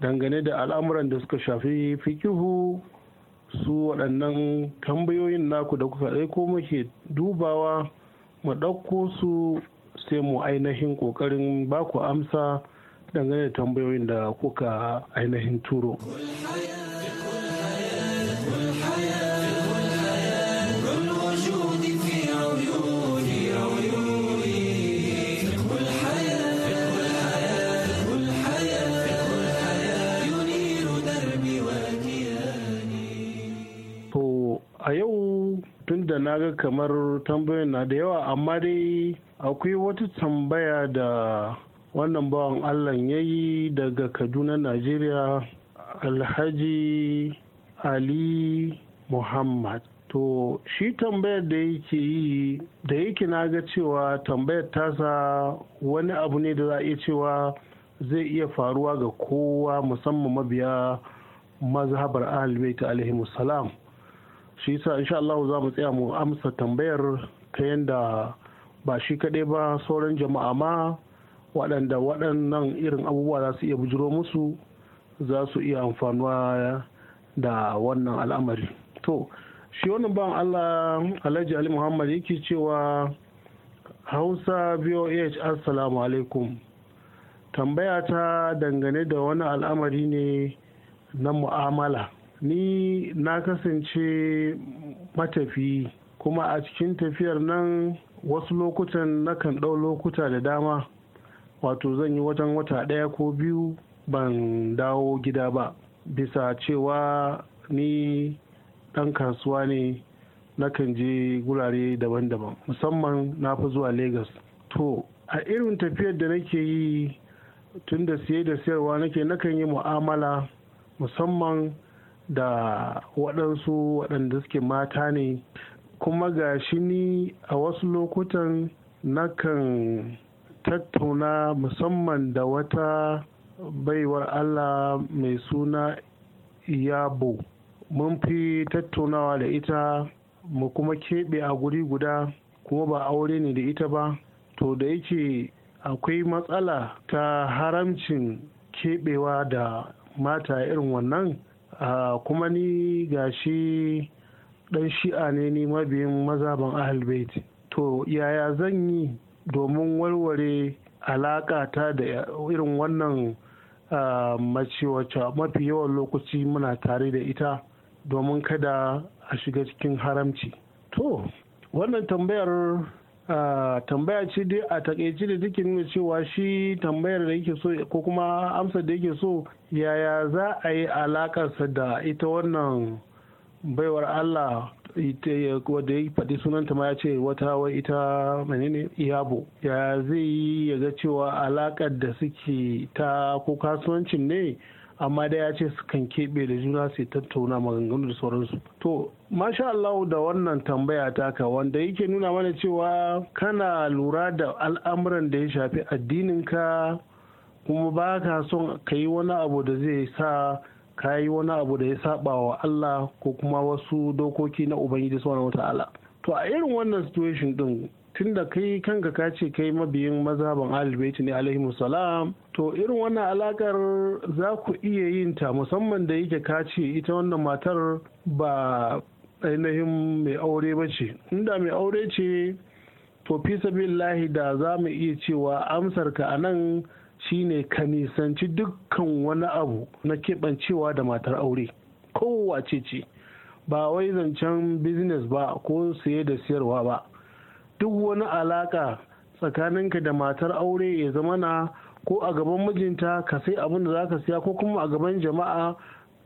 dangane da al'amuran da suka shafi fikihu su waɗannan tambayoyin naku da kuka aiko muke dubawa mu ɗauko su sai mu ainihin ƙoƙarin baku amsa dangane da tambayoyin da kuka ainihin turo. da na ga kamar tambayoyin na da yawa amma dai akwai wata tambaya da wannan bawan allah ya yi daga kaduna najeriya alhaji ali muhammad to shi tambayar da yake yi da yake na ga cewa tambayar tasa wani abu ne da za a iya cewa zai iya faruwa ga kowa musamman mabiya mazhabar ahalbaita alaihi salam shi yasa insha Allah za mu tsaya mu amsa tambayar ta yadda ba shi kaɗai ba sauran jama'a ma waɗanda waɗannan irin abubuwa za su iya bujiro musu za su iya amfanuwa da wannan al'amari to shi wannan ban Allah Alhaji Ali Muhammad yake cewa Hausa BOH Assalamu alaikum tambaya ta dangane da wani al'amari ne na mu'amala ni na kasance matafi kuma a cikin tafiyar nan wasu lokutan na kan ɗau lokuta da dama wato zan yi wajen wata ɗaya ko biyu ban dawo gida ba bisa cewa ni ɗan kasuwa ne na kan je gurare daban-daban musamman na fi zuwa lagos to a irin tafiyar da nake yi tun da siye da siyarwa nake nakan yi mu'amala musamman da waɗansu waɗanda suke mata ne kuma ga shi ni a wasu lokutan nakan tattauna musamman da wata baiwar allah mai suna yabo mun fi tattaunawa da ita mu kuma keɓe a guri guda kuma ba aure ne da ita ba to da yake akwai matsala ta haramcin keɓewa da mata irin wannan kuma ni gashi dan shi'a ne ni mabiyin mazaban ahal bait to yaya zan yi domin warware alaƙa ta da irin wannan mace wacce mafi yawan lokaci muna tare da ita domin kada a shiga cikin haramci to wannan tambayar tambaya ce dai a takaice da take nuna cewa shi tambayar da yake so ko kuma amsar da yake so yaya za a yi alakarsa da ita wannan baiwar Allah wadda ya faɗi sunanta ma ya ce wata wai ita menene iyabo ya zai yi ya ga cewa alakar da suke ta ko kasuwancin ne amma da ya ce sukan keɓe da juna su tattauna maganganu da sauransu to masha Allah da wannan tambaya taka wanda yake nuna mana cewa kana lura da al'amuran da ya shafi addininka kuma ba ka son ka yi wani abu da zai sa ka yi wani abu da ya saba wa Allah ko kuma wasu dokoki na Ubangiji subhanahu wata'ala to a irin wannan situation din tunda kai kanka ka ce kai mabiyin mazhaban ahlul ne alaihi salam To irin wannan alakar za ku iya yin ta musamman da yake kace ita wannan matar ba ainihin mai aure ba ce. Inda mai aure ce to fi lahi da za mu iya cewa amsar ka a nan shi ne ka nisanci dukkan wani abu na keɓancewa da matar aure. Kowace ce ba wai zancen bizines ba ko saye da siyarwa ba. Duk wani alaka tsakaninka da matar aure ya zama na ko a gaban mijinta ka sai abin da za ka siya ko kuma a gaban jama'a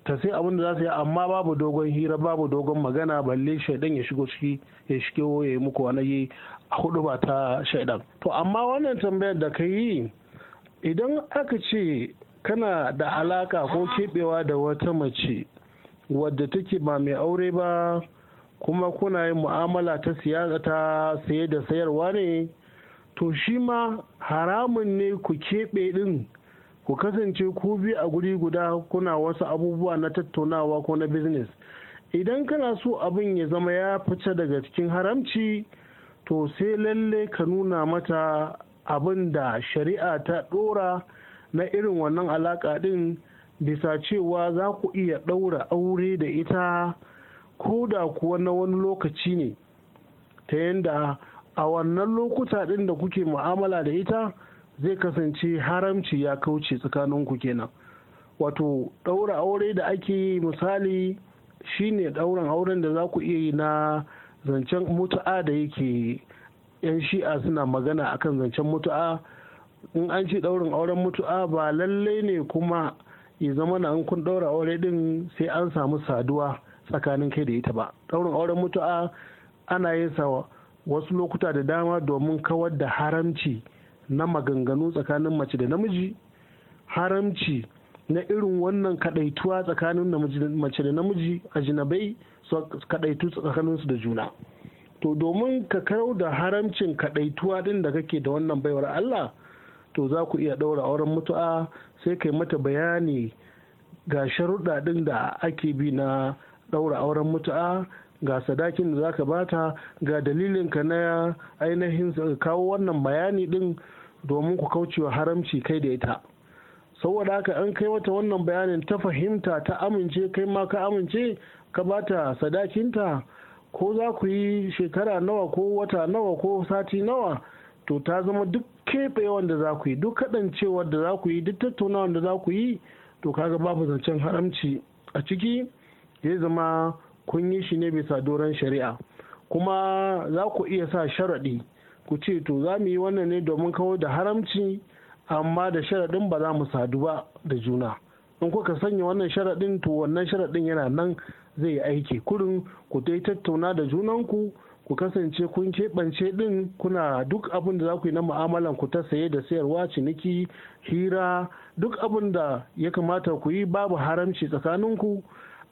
ta sai abin da za su yi amma babu dogon hira babu dogon magana balle shaidan ya shigo ciki ya shigo ya yi muku wani hudu ba ta shaidan to amma wannan tambayar da ka yi idan aka ce kana da alaka ko keɓewa da wata mace wadda take ba mai aure ba kuma kuna yin mu'amala ta siyasa ta saye da sayarwa ne to shi ma haramun ne ku keɓe ɗin ku kasance ku bi a guri guda kuna wasu abubuwa na tattaunawa ko na business idan kana so abin ya zama ya fice daga cikin haramci to sai lalle ka nuna mata abin da shari'a ta ɗora na irin wannan alaƙa ɗin bisa cewa za ku iya ɗaura aure da ita ko da kuwa na wani lokaci ne ta yadda a wannan lokuta ɗin da kuke mu'amala da ita zai kasance haramci ya kauce tsakaninku kenan wato ɗaura aure da ake misali shine ɗauran auren da za ku iya yi na zancen mutu'a da yake 'yan shi'a suna magana akan zancen mutu'a in an ce ɗaurin auren mutu'a ba lallai ne kuma ya zama na an kun ɗaura aure din sai an samu saduwa tsakanin kai da ita ba ɗaurin auren mutu'a ana yin sa wasu lokuta da dama domin kawar da haramci na maganganu tsakanin mace da namiji haramci na irin wannan kadaituwa tsakanin mace da namiji a jinabai kadaitu tsakaninsu da juna to domin ka karau da haramcin kadaituwa din da kake da wannan baiwar Allah to za ku iya ɗaura auren mutu'a sai kai mata bayani ga sharuɗa ɗin da ake bi na ɗaura auren mutu'a ga sadakin da za zaka bata ga dalilin ka na ainihin kawo wannan bayani din domin ku kaucewa haramci kai da ita saboda haka an kai wata wannan bayanin ta fahimta ta amince kai ma ka amince ka bata sadakinta ko za ku yi shekara nawa ko wata nawa ko sati nawa to ta zama duk kebe wanda za ku yi duk kaɗancewar da za ku yi duk tattaunawar da za ku yi to kaga babu zancen haramci a ciki ya zama kun yi shi ne bisa doron shari'a kuma za ku iya sa sharaɗi ku ce to za mu yi wannan ne domin kawo da haramci amma da sharaɗin ba za mu sadu ba da juna in kuka sanya wannan sharaɗin to wannan sharaɗin yana nan zai yi aiki kurin ku dai tattauna da junanku ku kasance kun keɓance ɗin kuna duk abin da za ku yi na mu'amalan ku ta saye da sayarwa ciniki hira duk abin da ya kamata ku yi babu haramci tsakaninku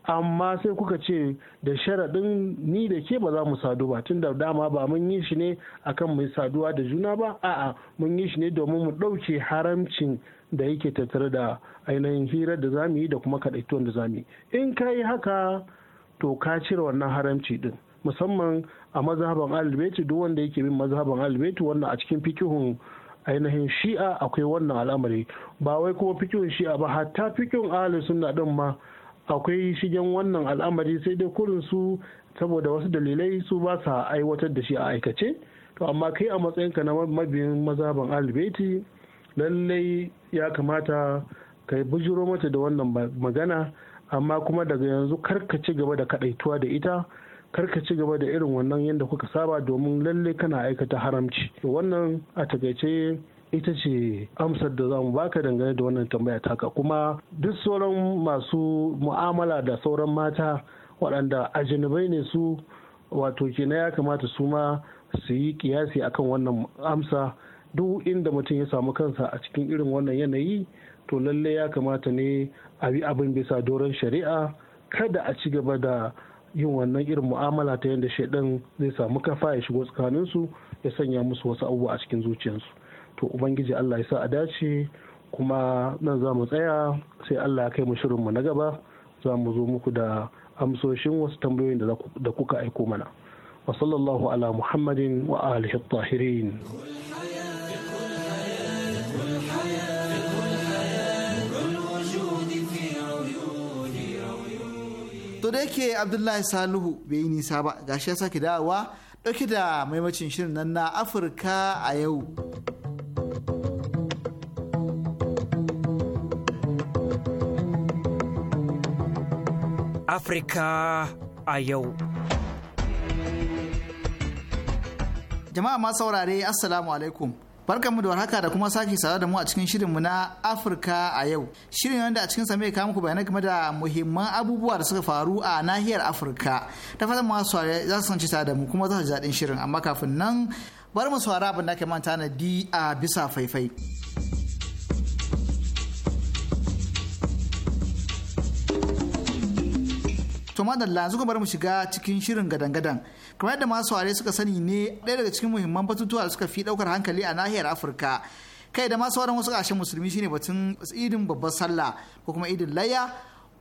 amma sai kuka ce da sharaɗin ni da ke ba za mu sadu ba tun da dama ba mun yi shi ne akan mai saduwa da juna ba a'a mun yi shi ne domin mu ɗauke haramcin da yake tattare da ainihin hira da zamu yi da kuma kaɗaituwan da zamu yi in ka yi haka to ka cire wannan haramci din musamman a mazhaban albetu duk wanda yake bin mazhaban albetu wannan a cikin fikihun ainihin shi'a akwai wannan al'amari ba wai kuma fikihun shi'a ba hatta fikihun ahlus sunna din ma akwai shigen wannan al'amari sai dai kurin su saboda wasu dalilai su ba sa aiwatar da shi a aikace to amma kai a matsayinka na mabiyin mazaban albeti lallai ya kamata ka bujiro mata da wannan magana amma kuma daga yanzu karka ci gaba da kadaituwa da ita karka ci gaba da irin wannan yadda kuka saba domin lallai kana aikata haramci wannan a takaice ita ce amsar da zamu baka dangane da wannan tambaya taka kuma duk sauran masu mu'amala da sauran mata waɗanda ajinabai ne su wato ya kamata su ma su yi kiyasi akan wannan amsa duk inda mutum ya samu kansa a cikin irin wannan yanayi to lalle ya kamata ne a bi abin bisa doron shari'a kada a ci gaba da yin wannan irin mu'amala ta yadda shaidan zai samu kafa ya shigo tsakaninsu ya sanya musu wasu abubuwa a cikin zuciyarsu to ubangiji allah ya sa a dace kuma nan za mu tsaya sai allah ya kai mu shirinmu na gaba za mu zo muku da amsoshin wasu tambayoyin da kuka aiko mana wa sallallahu ala muhammadin wa alihi tahirin
to da yake abdullahi salihu bai yi nisa ba gashi ya sake dawowa dauke da maimacin shirin nan na afirka a yau
Afirka a yau.
Jama'a masu saurare Assalamu alaikum. Barkanmu da warhaka da kuma sake saurare da mu a cikin shirinmu na Afirka a yau. Shirin wanda a cikin mai kawo muku bayanai game da muhimman abubuwa da suka faru a nahiyar Afirka. Da fatan masu saurare za su sanci da mu kuma za su ji daɗin shirin amma kafin nan bari mu saurara abin da ke manta na di a bisa faifai. To madalla zuka bar mu shiga cikin shirin gadan-gadan. Kamar yadda masu ware suka sani ne ɗaya daga cikin muhimman batutuwa da suka fi ɗaukar hankali a nahiyar Afirka. Kai da masu wasu ƙasashen musulmi shine batun idin babbar sallah ko kuma idin layya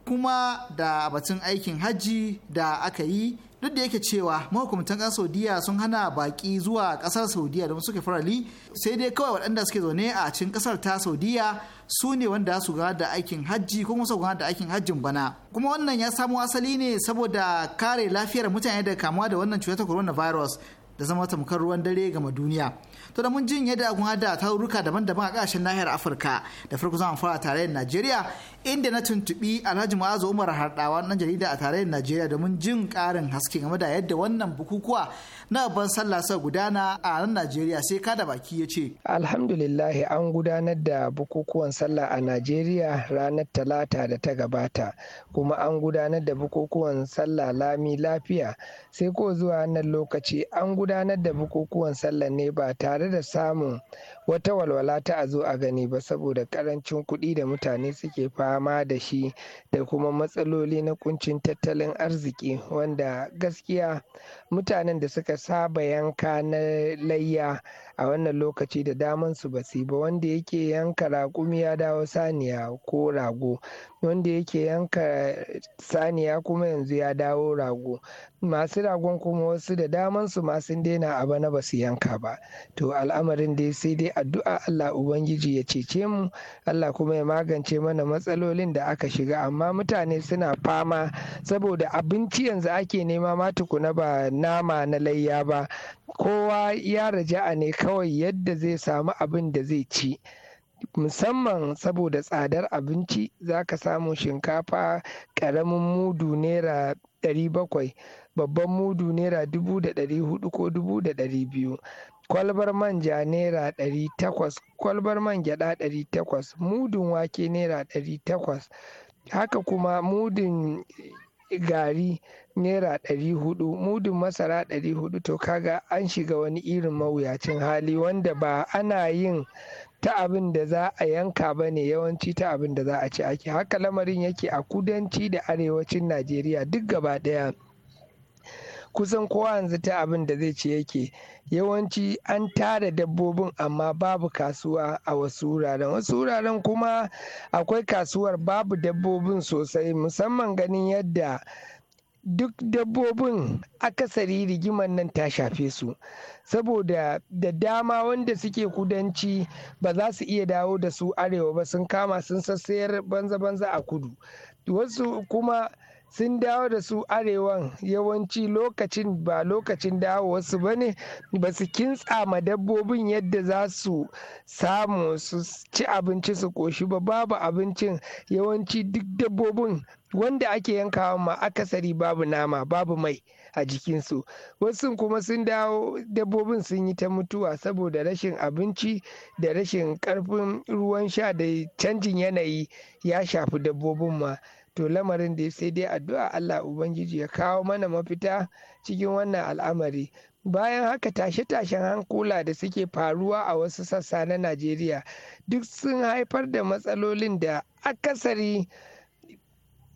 kuma da batun aikin hajji da aka yi duk da yake cewa mahukumtan kan saudiya sun hana baƙi zuwa ƙasar saudiya don suke farali sai dai kawai waɗanda suke zaune a cikin kasar ta saudiya su ne wanda su gudanar da aikin hajji ko kuma su gudanar da aikin hajjin bana kuma wannan ya samo asali ne saboda kare lafiyar mutane da kamuwa da wannan cutar coronavirus da zama tamkar ruwan dare gama duniya. To da mun jin yadda agun hada ruka daban-daban a kasashen nahiyar Afirka da farko zan fara tare da Najeriya inda na tuntubi Alhaji Mu'azu Umar Hardawa nan jarida a tare da Najeriya domin jin karin haske game da yadda wannan bukukuwa na ban sallah sa gudana a nan Najeriya sai ka da baki ya ce.
Alhamdulillah an gudanar da bukukuwan sallah a Najeriya ranar talata da ta gabata kuma an gudanar da bukukuwan sallah lami lafiya sai ko zuwa wannan lokaci an gudanar da bukukuwan sallah ne ba tare da samun wata walwala ta a zo a gani ba saboda ƙarancin kuɗi da mutane suke fama da shi da kuma matsaloli na ƙuncin tattalin arziki wanda gaskiya mutanen da suka saba yanka na layya a wannan lokaci da daman su basi ba wanda yake yanka raƙumi ya dawo saniya ko rago wanda yake yanka saniya kuma yanzu ya dawo rago masu ragon kuma wasu da daman su masu daina a bana basu yanka ba to al'amarin dai sai dai addu'a Allah ubangiji ya cece mu Allah kuma ya magance mana matsalolin da aka shiga amma mutane suna fama saboda abinci yanzu ake nema ma tukuna ba nama na layya ba kowa ya raja'a ne kawai yadda zai samu abin da zai ci musamman saboda tsadar abinci za ka samu shinkafa ƙaramin mudu naira 700 babban mudu naira 400 ko 200 kwalbar manja naira 800 kwalbar man gyada 800 mudun wake naira 800 haka kuma mudun gari naira ɗari hudu mudun masara ɗari hudu to kaga an shiga wani irin mawuyacin hali wanda ba ana yin ta abin da za a yanka ba ne yawanci ta abin da za a ci ake haka lamarin yake a kudanci da arewacin najeriya duk gaba ɗaya kusan kowa yanzu ta abin da zai ce yake yawanci an tara dabbobin amma babu kasuwa a wasu wuraren wasu wuraren kuma akwai kasuwar babu dabbobin sosai musamman ganin yadda duk dabbobin akasari rigimar nan ta shafe su saboda da dama wanda suke kudanci ba za su iya dawo da su arewa ba sun kama sun sassayar banza-banza a kudu wasu kuma sun dawo da su arewan yawanci lokacin ba lokacin dawowarsu ba ne ba su kintsa ma dabbobin yadda za su samu su ci abinci su koshi ba babu abincin yawanci duk dabbobin wanda ake yankawa ma akasari babu nama babu mai a jikinsu wasu kuma sun dawo dabbobin sun yi ta mutuwa saboda rashin abinci da rashin karfin ruwan sha da canjin yanayi ya shafi dabbobin ma to lamarin da sai dai addu'a Allah Ubangiji ya kawo mana mafita cikin wannan al'amari bayan haka tashe-tashen hankula da suke faruwa a wasu sassa na Najeriya duk sun haifar da matsalolin da akasari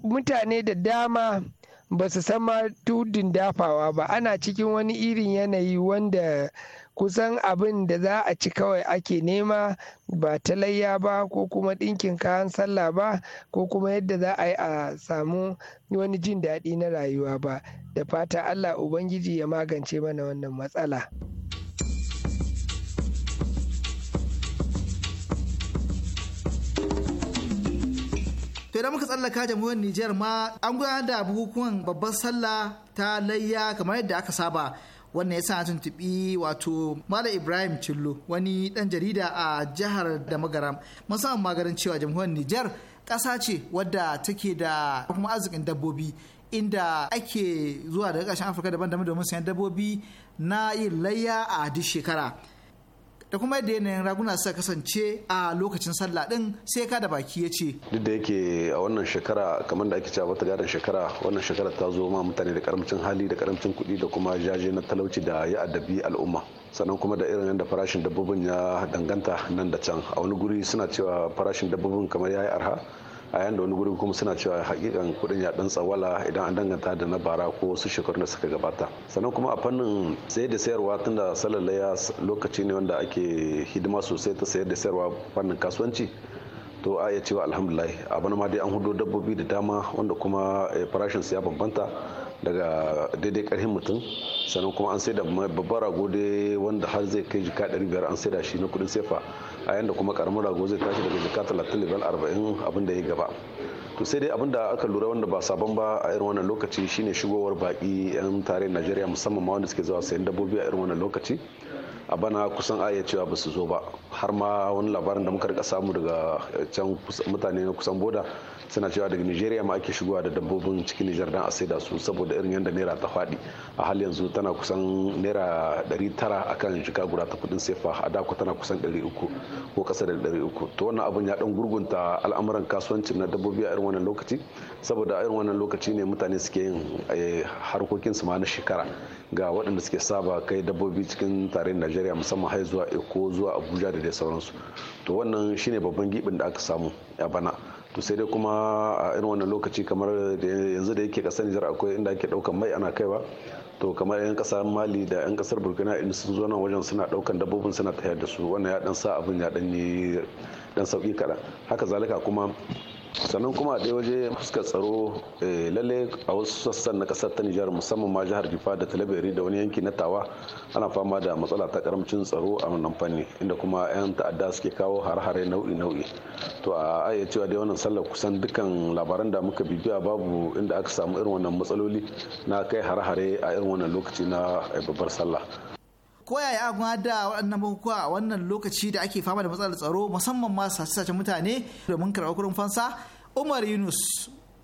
mutane da dama ba su sama tudun dafawa ba ana cikin wani irin yanayi wanda kusan abin da za a ci kawai ake nema ba ta layya ba ko kuma ɗinkin kayan sallah ba ko kuma yadda za a yi a samu wani jin daɗi na rayuwa ba da fata allah ubangiji ya magance mana wannan matsala.
to da muka tsallaka jamhuriyar Nijar ma an gudanar da bukukuwan babbar sallah ta layya kamar yadda aka saba wannan ya sa tuntuɓi wato Malam Ibrahim Cillo wani ɗan jarida a jihar da magaram musamman magarin cewa jamhuriyar Nijar ƙasa ce wadda take da kuma arzikin dabbobi inda ake zuwa daga ƙasashen Afirka daban-daban domin sayan dabbobi na yin layya a duk shekara. da kuma yadda yanayin raguna suka kasance a lokacin sallah din sai ka da baki ya ce
duk da yake a wannan shekara kamar da ake cewa ta gadon shekara wannan shekara ta zo ma mutane da karamcin hali da karamcin kuɗi da kuma jaje na talauci da ya addabi al'umma sannan kuma da irin yadda farashin dabbobin ya danganta nan da can a wani guri suna cewa farashin dabbobin kamar ya yi arha a yayin da wani guri kuma suna cewa hakikan kudin ya dan tsawala idan an danganta da na bara ko wasu shekarun da suka gabata sannan kuma a fannin sayar da sayarwa tunda salalai ya lokaci ne wanda ake hidima sosai ta sayar da sayarwa fannin kasuwanci to a iya cewa alhamdulillah abin ma dai an hudo dabbobi da dama wanda kuma eh, farashin su ya bambanta daga daidai karhin mutum sannan kuma an sai da babbar rago dai wanda har zai kai jika 500 an sai da shi na kudin sefa a yanda kuma karamin rago zai tashi daga jika talatin level arba'in abin da ya gaba to sai dai abin da aka lura wanda ba sabon ba a irin wannan lokaci shine shigowar baki yan tarayyar najeriya musamman ma wanda suke zuwa sayan dabbobi a irin wannan lokaci a bana kusan aya cewa ba su zo ba har ma wani labarin da muka rika samu daga can mutane na kusan boda suna cewa daga nigeria ma ake shigowa da dabbobin cikin nijar dan a saida su saboda irin yadda naira ta faɗi a hal yanzu tana kusan naira 900 kan shiga guda ta kudin sefa a dako tana kusan 300 ko kasa da 300 to wannan abun ya dan gurgunta al'amuran kasuwancin na dabbobi a irin wannan lokaci saboda a irin wannan lokaci ne mutane suke yin eh, harkokin su ma na shekara ga waɗanda suke saba kai dabbobi cikin tarihin najeriya musamman har zuwa eko zuwa abuja da dai sauransu to wannan shine babban gibin da aka samu a bana to sai dai kuma a irin wannan lokaci kamar yanzu da yake kasar nijar akwai inda ake daukan mai ana kaiwa to kamar 'yan kasar mali da 'yan kasar burkina in sun zo nan wajen suna daukan dabbobin suna tayar da su wannan ya dan sa abin ya dan yi dan sauki kaɗan haka zalika kuma sannan kuma a ɗaya waje fuskar tsaro eh, lalle a wasu sassan na ƙasar ta nijar musamman ma jihar jifa da talabari da wani yanki na tawa ana fama da matsala ta karamcin tsaro a wannan fanni inda kuma 'yan ta'adda suke kawo har-hare nau'i-nau'i to a ayyar cewa dai wannan sallar kusan dukkan labaran da muka bibiya babu inda aka samu irin wannan matsaloli na kai har-hare a irin wannan lokaci na eh, babbar sallah
koyaya ya gwa da waɗannan bukukuwa a wannan lokaci da ake fama da matsalar tsaro musamman ma sace mutane domin karɓar kurin fansa umar yunus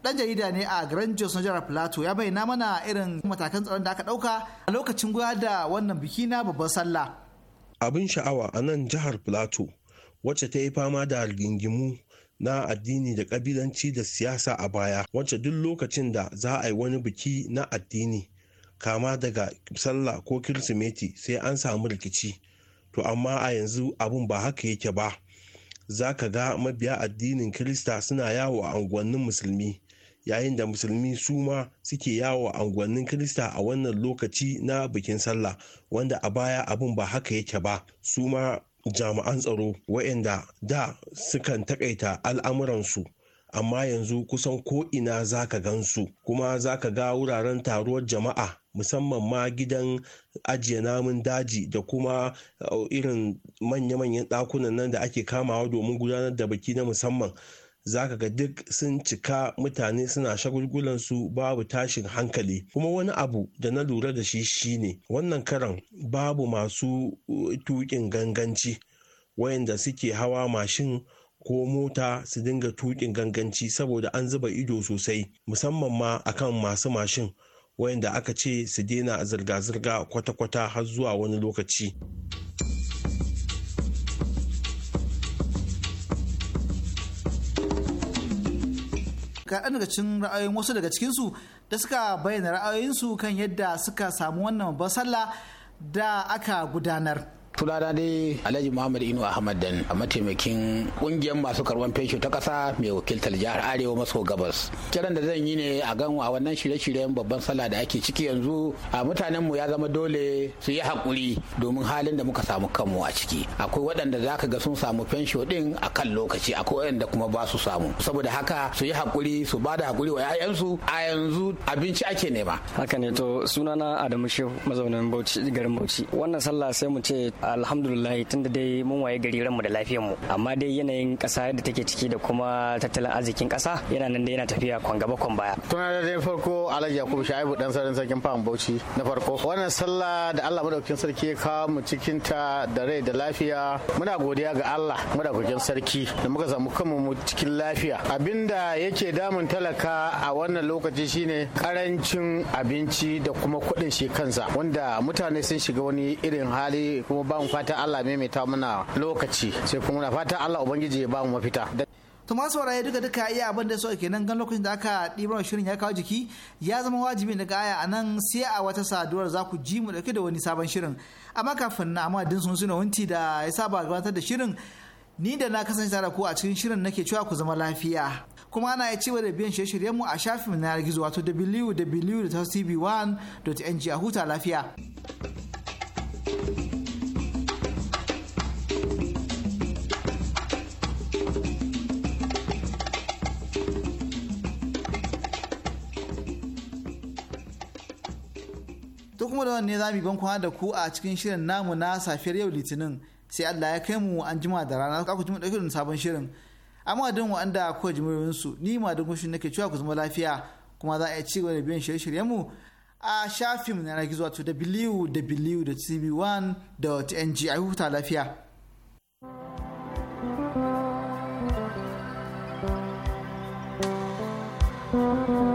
ɗan jarida ne a grand jos na jihar plateau ya bayyana mana irin matakan tsaron da aka ɗauka a lokacin gwa da wannan biki na babban sallah
abin sha'awa a nan jihar plateau wacce ta yi fama da rigingimu na addini da kabilanci da siyasa a baya wacce duk lokacin da za a yi wani biki na addini kama daga sallah ko kirsimeti sai an samu rikici to amma a yanzu abun ba haka yake ba za ka ga mabiya addinin kirista suna yawo a unguwannin musulmi yayin da musulmi su ma suke yawo a unguwannin kirista a wannan lokaci na bikin sallah wanda a baya abun ba haka yake ba su ma jami'an tsaro waɗanda da sukan takaita al'amuransu amma yanzu kusan ko ina gan su? kuma za ka ga wuraren taruwar jama'a musamman ma gidan ajiye namun daji da kuma uh, irin manya-manyan ɗakunan nan da ake kamawa domin gudanar da baki na musamman za ka ga duk sun cika mutane suna shagulgulan su babu tashin hankali kuma wani abu da na lura da shi shine wannan karan babu masu uh, tuƙin ganganci wayanda suke hawa mashin ko mota su dinga tukin ganganci saboda an zuba ido sosai musamman ma akan masu mashin wayanda aka ce su daina zirga-zirga kwata-kwata har zuwa wani lokaci.
ɗan daga cikin ra'ayoyin wasu daga cikinsu da suka bayyana ra'ayoyinsu kan yadda suka samu wannan basalla da aka gudanar.
sunana dai alhaji muhammad inu ahmad dan a mataimakin kungiyar masu karban fesho ta kasa mai wakiltar jihar arewa maso gabas kiran da zan
yi ne a gan a wannan shirye-shiryen babban sallah da ake ciki yanzu a mutanen mu ya zama dole su yi hakuri domin halin da muka samu kanmu a ciki akwai waɗanda za ka ga sun samu fensho din a kan lokaci akwai waɗanda kuma ba su samu saboda haka su yi hakuri su ba da hakuri wa 'ya'yansu a yanzu abinci ake nema
haka ne to sunana adamu shehu mazaunin bauchi garin bauchi wannan sallah sai mu ce alhamdulillah tunda dai mun waye gari ranmu da mu amma dai yanayin kasa da take ciki da kuma tattalin arzikin kasa yana nan da yana tafiya kwan gaba kwan baya
tun da dai farko alhaji yakubu shaibu dan sarin sarkin fahim bauchi na farko wannan sallah da allah madaukakin sarki ya kawo mu cikin ta da rai da lafiya muna godiya ga allah madaukakin sarki da muka samu kanmu mu cikin lafiya abinda yake damun talaka a wannan lokaci shine karancin abinci da kuma kuɗin shi kansa wanda mutane sun shiga wani irin hali kuma ba ba mu fatan Allah maimaita muna lokaci sai kuma muna fatan Allah ubangiji ya ba mu mafita
to masu duka duka iya abin da so kenan gan lokacin da aka ɗibar shirin ya kawo jiki ya zama wajibi daga aya a nan sai a wata saduwar za ku ji mu dauke da wani sabon shirin amma kafin na amma din sun suna wunti da ya saba gabatar da shirin ni da na kasance tare ku a cikin shirin nake cewa ku zama lafiya kuma ana ya cewa da biyan shirye shiryenmu mu a shafin na gizo wato www.tv1.ng a huta lafiya. kuma da ne za mu ban kwana da ku a cikin shirin namu na safiyar yau litinin sai Allah ya kai mu an jima da rana ku ji mu dauke da sabon shirin amma don wanda ko ji su ni ma da kushin nake cewa ku zama lafiya kuma za a ci gaba da biyan shirye-shiryen mu a shafin na gizo wato www.tv1.ng a huta lafiya.
thank you